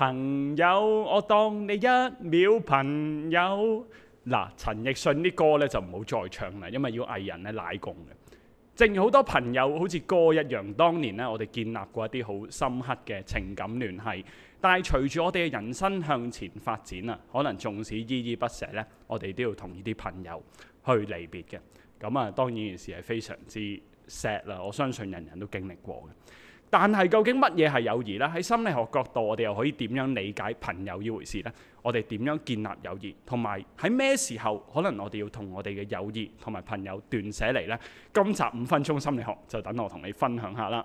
朋友，我當你一秒朋友嗱，啊，陳奕迅啲歌咧就唔好再唱啦，因為要藝人咧奶共嘅。正如好多朋友好似歌一樣當年咧，我哋建立過一啲好深刻嘅情感聯繫，但係隨住我哋嘅人生向前發展啊，可能縱使依依不捨咧，我哋都要同呢啲朋友去離別嘅。咁啊，當然件事係非常之 sad 啦，我相信人人都經歷過嘅。但係究竟乜嘢係友誼呢？喺心理學角度，我哋又可以點樣理解朋友呢回事呢？我哋點樣建立友誼，同埋喺咩時候可能我哋要同我哋嘅友誼同埋朋友斷捨離呢？今集五分鐘心理學就等我同你分享下啦。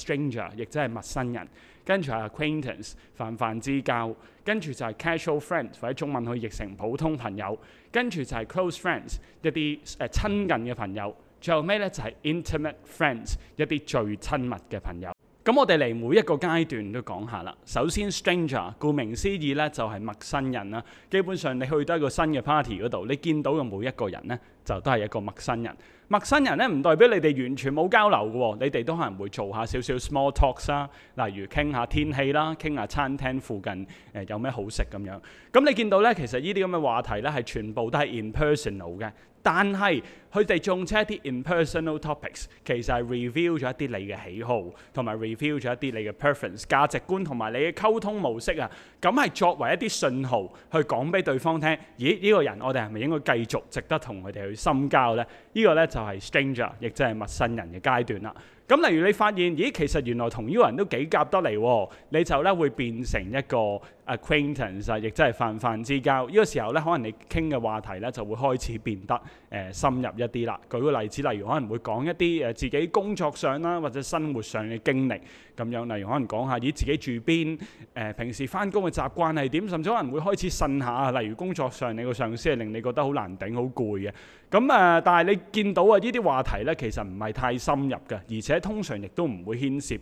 stranger，亦即係陌生人，跟住係 acquaintance，泛泛之交，跟住就係 casual friends，或者中文可以譯成普通朋友，跟住就係 close friends，一啲誒親近嘅朋友，最後尾咧就係 intimate friends，一啲最親密嘅朋友。咁我哋嚟每一個階段都講下啦。首先 stranger，顧名思義咧就係、是、陌生人啦。基本上你去到一個新嘅 party 嗰度，你見到嘅每一個人咧，就都係一個陌生人。陌生人咧唔代表你哋完全冇交流嘅，你哋都可能會做下少少 small talks 啦，例如傾下天氣啦，傾下餐廳附近誒有咩好食咁樣。咁你見到咧，其實呢啲咁嘅話題咧係全部都係 impersonal 嘅，但係佢哋仲 check 啲 impersonal topics，其實係 reveal 咗一啲你嘅喜好同埋 reveal 咗一啲你嘅 preference、價值觀同埋你嘅溝通模式啊。咁係作為一啲信號去講俾對方聽，咦呢個人我哋係咪應該繼續值得同佢哋去深交咧？呢個咧就～就係 stranger，亦即係陌生人嘅階段啦。咁例如你發現，咦，其實原來同呢個人都幾夾得嚟，你就咧會變成一個 acquaintance，亦即係泛泛之交。呢個時候咧，可能你傾嘅話題咧就會開始變得誒深入一啲啦。舉個例子，例如可能會講一啲誒自己工作上啦，或者生活上嘅經歷咁樣。例如可能講下咦，自己住邊？誒，平時翻工嘅習慣係點？甚至可能會開始呻下。例如工作上，你個上司係令你覺得好難頂、好攰嘅。咁誒，但係你見到啊，呢啲話題呢，其實唔係太深入嘅，而且通常亦都唔會牽涉，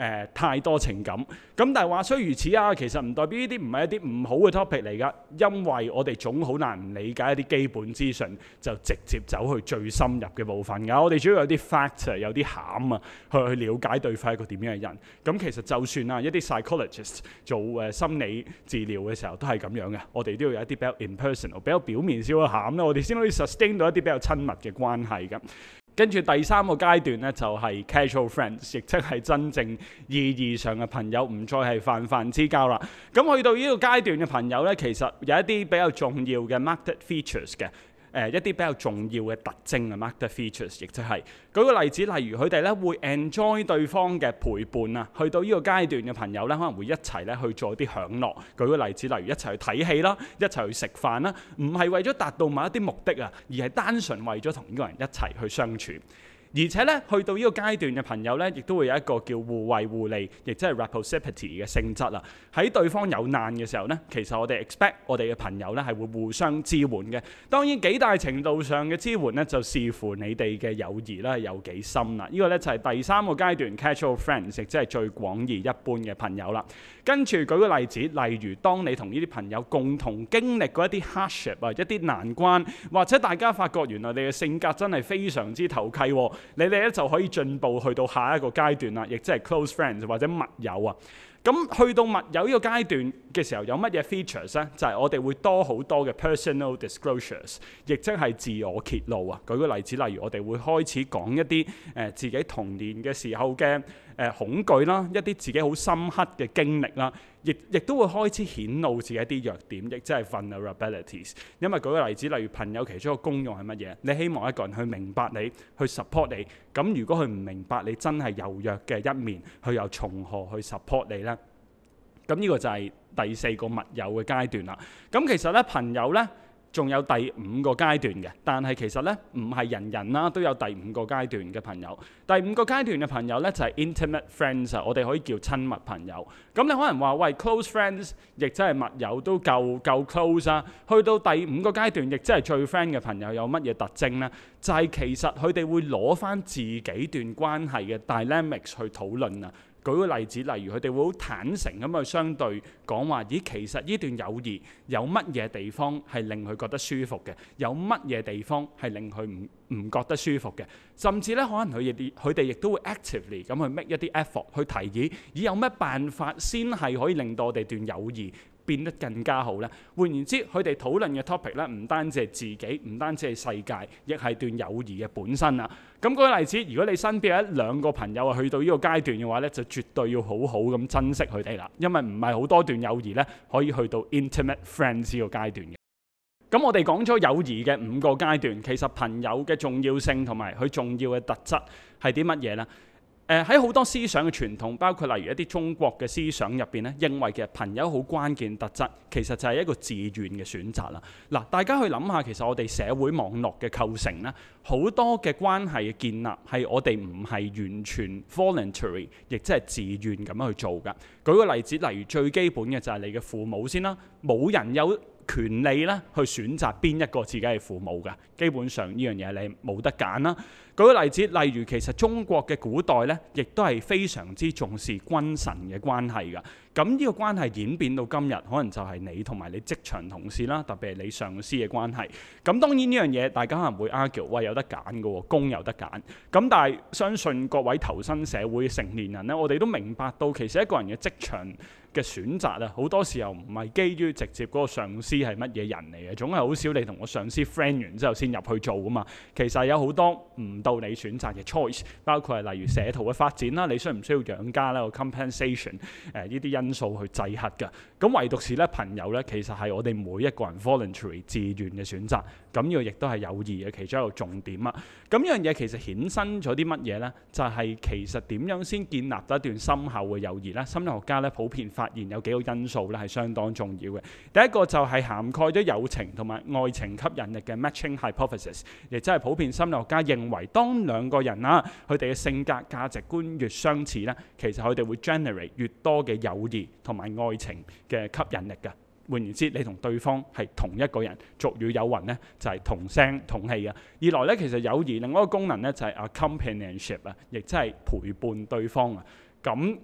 呃、太多情感，咁但係話雖如此啊，其實唔代表呢啲唔係一啲唔好嘅 topic 嚟噶，因為我哋總好難理解一啲基本資訊，就直接走去最深入嘅部分噶。我哋主要有啲 factor，有啲餡啊，去去了解對方係一個點樣嘅人。咁其實就算啊，一啲 psychologist 做誒、呃、心理治療嘅時候都係咁樣嘅，我哋都要有一啲比較 impersonal 比較表面少啲餡啦，我哋先可以 sustain 到一啲比較親密嘅關係嘅。跟住第三個階段咧，就係 casual friends，亦即係真正意義上嘅朋友，唔再係泛泛之交啦。咁去到呢個階段嘅朋友咧，其實有一啲比較重要嘅 market features 嘅。誒、呃、一啲比較重要嘅特徵啊，master features，亦即係舉個例子，例如佢哋咧會 enjoy 對方嘅陪伴啊，去到呢個階段嘅朋友咧，可能會一齊咧去做啲享樂。舉個例子，例如一齊去睇戲啦，一齊去食飯啦，唔係為咗達到某一啲目的啊，而係單純為咗同呢個人一齊去相處。而且咧，去到呢個階段嘅朋友咧，亦都會有一個叫互惠互利，亦即係 reciprocity 嘅性質啦。喺對方有難嘅時候咧，其實我哋 expect 我哋嘅朋友咧係會互相支援嘅。當然幾大程度上嘅支援咧，就視乎你哋嘅友誼啦有幾深啦。這個、呢個咧就係、是、第三個階段 casual friends，亦即係最廣義一般嘅朋友啦。跟住舉個例子，例如當你同呢啲朋友共同經歷過一啲 hardship 啊，一啲難關，或者大家發覺原來你嘅性格真係非常之投契、哦。你哋咧就可以進步去到下一個階段啦，亦即係 close friends 或者密友啊。咁去到密友呢個階段嘅時候，有乜嘢 features 呢？就係我哋會多好多嘅 personal disclosures，亦即係自我揭露啊。舉個例子，例如我哋會開始講一啲誒自己童年嘅時候嘅誒恐懼啦，一啲自己好深刻嘅經歷啦，亦亦都會開始顯露自己一啲弱點，亦即係 vulnerabilities。因為舉個例子，例如朋友其中一個功用係乜嘢？你希望一個人去明白你，去 support 你。咁如果佢唔明白你真係柔弱嘅一面，佢又從何去 support 你呢？咁呢個就係第四個密友嘅階段啦。咁其實呢，朋友呢仲有第五個階段嘅，但係其實呢唔係人人啦都有第五個階段嘅朋友。第五個階段嘅朋友呢就係 intimate friends，我哋可以叫親密朋友。咁你可能話喂，close friends 亦即係密友都夠夠 close 啊。去到第五個階段，亦即係最 friend 嘅朋友有乜嘢特徵呢？就係其實佢哋會攞返自己段關係嘅 dynamics 去討論啊。舉個例子，例如佢哋會好坦誠咁去相對講話，咦，其實呢段友誼有乜嘢地方係令佢覺得舒服嘅？有乜嘢地方係令佢唔唔覺得舒服嘅？甚至咧，可能佢亦佢哋亦都會 actively 咁去 make 一啲 effort 去提議，咦，有咩辦法先係可以令到我哋段友誼變得更加好咧。換言之，佢哋討論嘅 topic 咧，唔單止係自己，唔單止係世界，亦係段友誼嘅本身啊，咁舉個例子，如果你身邊有一兩個朋友啊，去到呢個階段嘅話咧，就絕對要好好咁珍惜佢哋啦，因為唔係好多段友誼咧，可以去到 intimate friends 呢個階段嘅。咁我哋講咗友誼嘅五個階段，其實朋友嘅重要性同埋佢重要嘅特質係啲乜嘢呢？誒，喺好多思想嘅傳統，包括例如一啲中國嘅思想入邊咧，認為其實朋友好關鍵特質，其實就係一個自願嘅選擇啦。嗱，大家去諗下，其實我哋社會網絡嘅構成啦，好多嘅關係嘅建立係我哋唔係完全 voluntary，亦即係自願咁樣去做噶。舉個例子，例如最基本嘅就係你嘅父母先啦，冇人有。權利咧，去選擇邊一個自己嘅父母㗎，基本上呢樣嘢你冇得揀啦。舉個例子，例如其實中國嘅古代呢，亦都係非常之重視君臣嘅關係㗎。咁呢個關係演變到今日，可能就係你同埋你職場同事啦，特別係你上司嘅關係。咁當然呢樣嘢，大家可能會 argue，喂有得揀㗎，工有得揀。咁但係相信各位投身社會成年人呢，我哋都明白到其實一個人嘅職場。嘅選擇啊，好多時候唔係基於直接嗰個上司係乜嘢人嚟嘅，總係好少你同我上司 friend 完之後先入去做噶嘛。其實有好多唔到你選擇嘅 choice，包括係例如社圖嘅發展啦，你需唔需要養家啦、個 compensation，誒呢啲因素去制衡㗎。咁唯獨是咧朋友咧，其實係我哋每一個人 voluntary 自願嘅選擇，咁樣亦都係友誼嘅其中一個重點啊！咁樣嘢其實衍生咗啲乜嘢呢？就係、是、其實點樣先建立得一段深厚嘅友誼呢？心理學家咧普遍發現有幾個因素咧係相當重要嘅。第一個就係涵蓋咗友情同埋愛情吸引力嘅 matching hypothesis，亦即係普遍心理學家認為，當兩個人啦佢哋嘅性格價值觀越相似呢，其實佢哋會 generate 越多嘅友誼同埋愛情嘅吸引力嘅，換言之，你同對方係同一個人，俗語有云咧，就係、是、同聲同氣嘅。二來咧，其實友誼另外一個功能咧，就係、是、啊 companionship 啊，亦即係陪伴對方啊。咁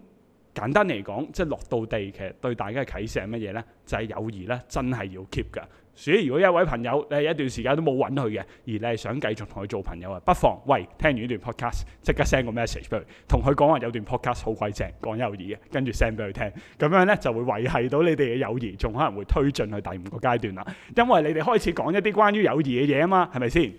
簡單嚟講，即、就是、落到地，其實對大家嘅啟示係乜嘢咧？就係、是、友誼咧，真係要 keep 嘅。如果有一位朋友你係一段時間都冇揾佢嘅，而你係想繼續同佢做朋友啊，不妨喂聽完呢段 podcast 即刻 send 個 message 俾佢，同佢講話有段 podcast 好鬼正，講友誼嘅，跟住 send 俾佢聽，咁樣呢就會維繫到你哋嘅友誼，仲可能會推進去第五個階段啦。因為你哋開始講一啲關於友誼嘅嘢啊嘛，係咪先？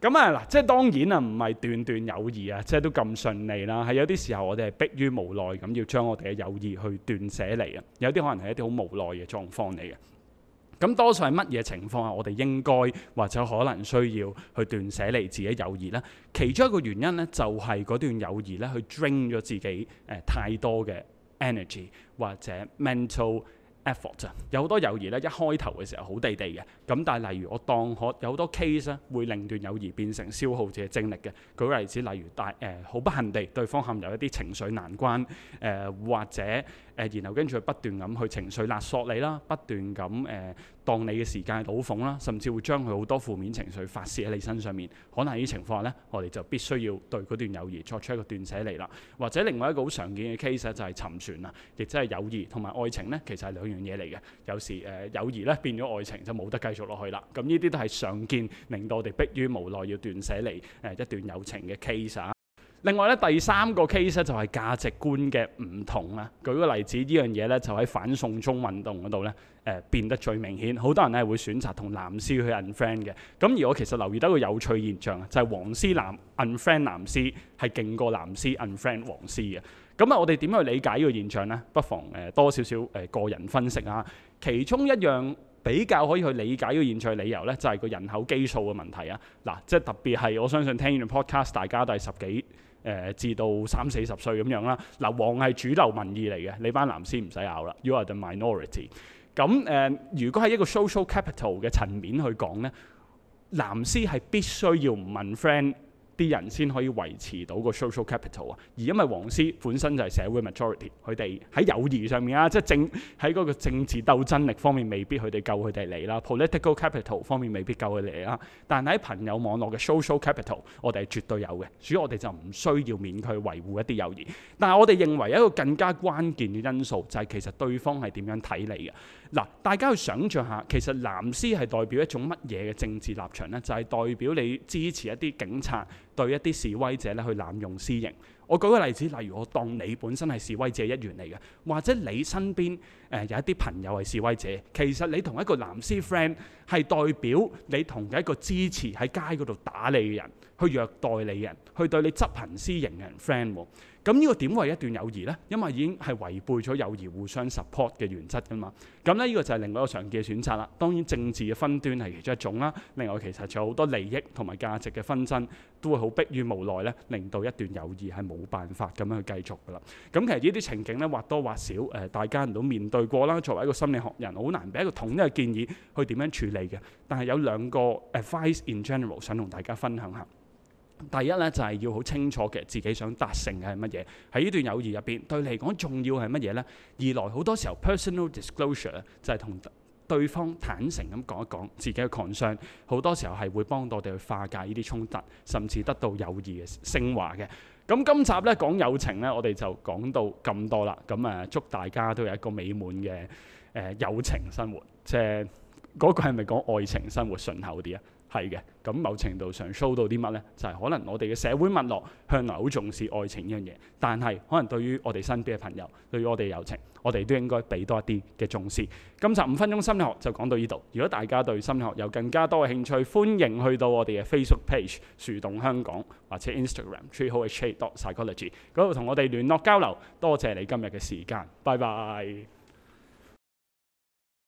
咁啊嗱，即係當然啊，唔係段段友誼啊，即係都咁順利啦。係有啲時候我哋係迫於無奈咁要將我哋嘅友誼去斷捨離啊，有啲可能係一啲好無奈嘅狀況嚟嘅。咁多數係乜嘢情況下、啊、我哋應該或者可能需要去斷捨離自己友誼呢？其中一個原因呢，就係、是、嗰段友誼呢，去 drink 咗自己誒、呃、太多嘅 energy 或者 mental。e 有好多友誼咧一開頭嘅時候好地地嘅，咁但係例如我當可有好多 case 咧會令段友誼變成消耗自己精力嘅。舉個例子，例如大誒好不幸地對方陷入一啲情緒難關，誒、呃、或者誒、呃、然後跟住不斷咁去情緒勒索你啦，不斷咁誒、呃、當你嘅時間係老馮啦，甚至會將佢好多負面情緒發泄喺你身上面。可能呢啲情況呢，我哋就必須要對嗰段友誼作出一個斷捨離啦。或者另外一個好常見嘅 case 就係沉船啊，亦即係友誼同埋愛情呢，其實兩。嘢嚟嘅，有時誒、呃、友誼咧變咗愛情就冇得繼續落去啦。咁呢啲都係常見，令到我哋迫於無奈要斷捨離、呃、一段友情嘅 case 啊。另外咧，第三個 case 就係價值觀嘅唔同啦。舉個例子，這個、呢樣嘢咧就喺反送中運動嗰度咧，誒變得最明顯。好多人咧係會選擇同藍絲去 unfriend 嘅。咁而我其實留意到一個有趣現象，就係、是、黃絲藍 unfriend 藍絲係勁過藍絲 unfriend 黃絲嘅。咁啊，我哋點去理解呢個現象呢？不妨誒、呃、多少少誒個人分析啊。其中一樣比較可以去理解呢個現象嘅理由呢，就係、是、個人口基數嘅問題啊。嗱，即係特別係我相信聽完 podcast，大家都係十幾誒、呃、至到三四十歲咁樣啦、啊。嗱，王係主流民意嚟嘅，你班男士唔使拗啦，you are the minority。咁、嗯、誒、呃，如果喺一個 social capital 嘅層面去講呢，男士係必須要問 friend。啲人先可以維持到個 social capital 啊，而因為黃絲本身就係社會 majority，佢哋喺友誼上面啊，即係政喺嗰個政治鬥爭力方面未必佢哋夠佢哋嚟啦，political capital 方面未必夠佢哋嚟啦，但係喺朋友網絡嘅 social capital，我哋係絕對有嘅，所以我哋就唔需要勉佢維護一啲友誼。但係我哋認為有一個更加關鍵嘅因素，就係其實對方係點樣睇你嘅。嗱，大家去想像下，其實藍絲係代表一種乜嘢嘅政治立場呢？就係代表你支持一啲警察。對一啲示威者咧去濫用私刑。我舉個例子，例如我當你本身係示威者一員嚟嘅，或者你身邊誒、呃、有一啲朋友係示威者，其實你同一個男士 friend 係代表你同一個支持喺街嗰度打你嘅人，去虐待你嘅人，去對你執行私刑嘅人 friend 喎。咁、這、呢個點為一段友誼呢？因為已經係違背咗友誼互相 support 嘅原則噶嘛。咁呢，呢個就係另外一個常見嘅選擇啦。當然政治嘅分端係其中一種啦。另外其實仲有好多利益同埋價值嘅紛爭，都會好迫於無奈，呢令到一段友誼係冇辦法咁樣去繼續噶啦。咁其實呢啲情景呢，或多或少大家都面對過啦。作為一個心理學人，好難俾一個統一嘅建議去點樣處理嘅。但係有兩個 advice in general 想同大家分享下。第一咧就係、是、要好清楚其實自己想達成嘅係乜嘢喺呢段友誼入邊對你嚟講重要係乜嘢呢？二來好多時候 personal disclosure 就係同對,對方坦誠咁講一講自己嘅創傷，好多時候係會幫到我哋去化解呢啲衝突，甚至得到友誼嘅昇華嘅。咁今集咧講友情咧，我哋就講到咁多啦。咁啊，祝大家都有一個美滿嘅誒、呃、友情生活。即係嗰個係咪講愛情生活順口啲啊？係嘅，咁某程度上 show 到啲乜呢？就係、是、可能我哋嘅社會脈絡向來好重視愛情呢樣嘢，但係可能對於我哋身邊嘅朋友，對於我哋友情，我哋都應該俾多一啲嘅重視。今集五分鐘心理學就講到呢度。如果大家對心理學有更加多嘅興趣，歡迎去到我哋嘅 Facebook page 樹洞香港或者 Instagram Tree Hole Exchange Psychology 嗰度同我哋聯絡交流。多謝你今日嘅時間，拜拜。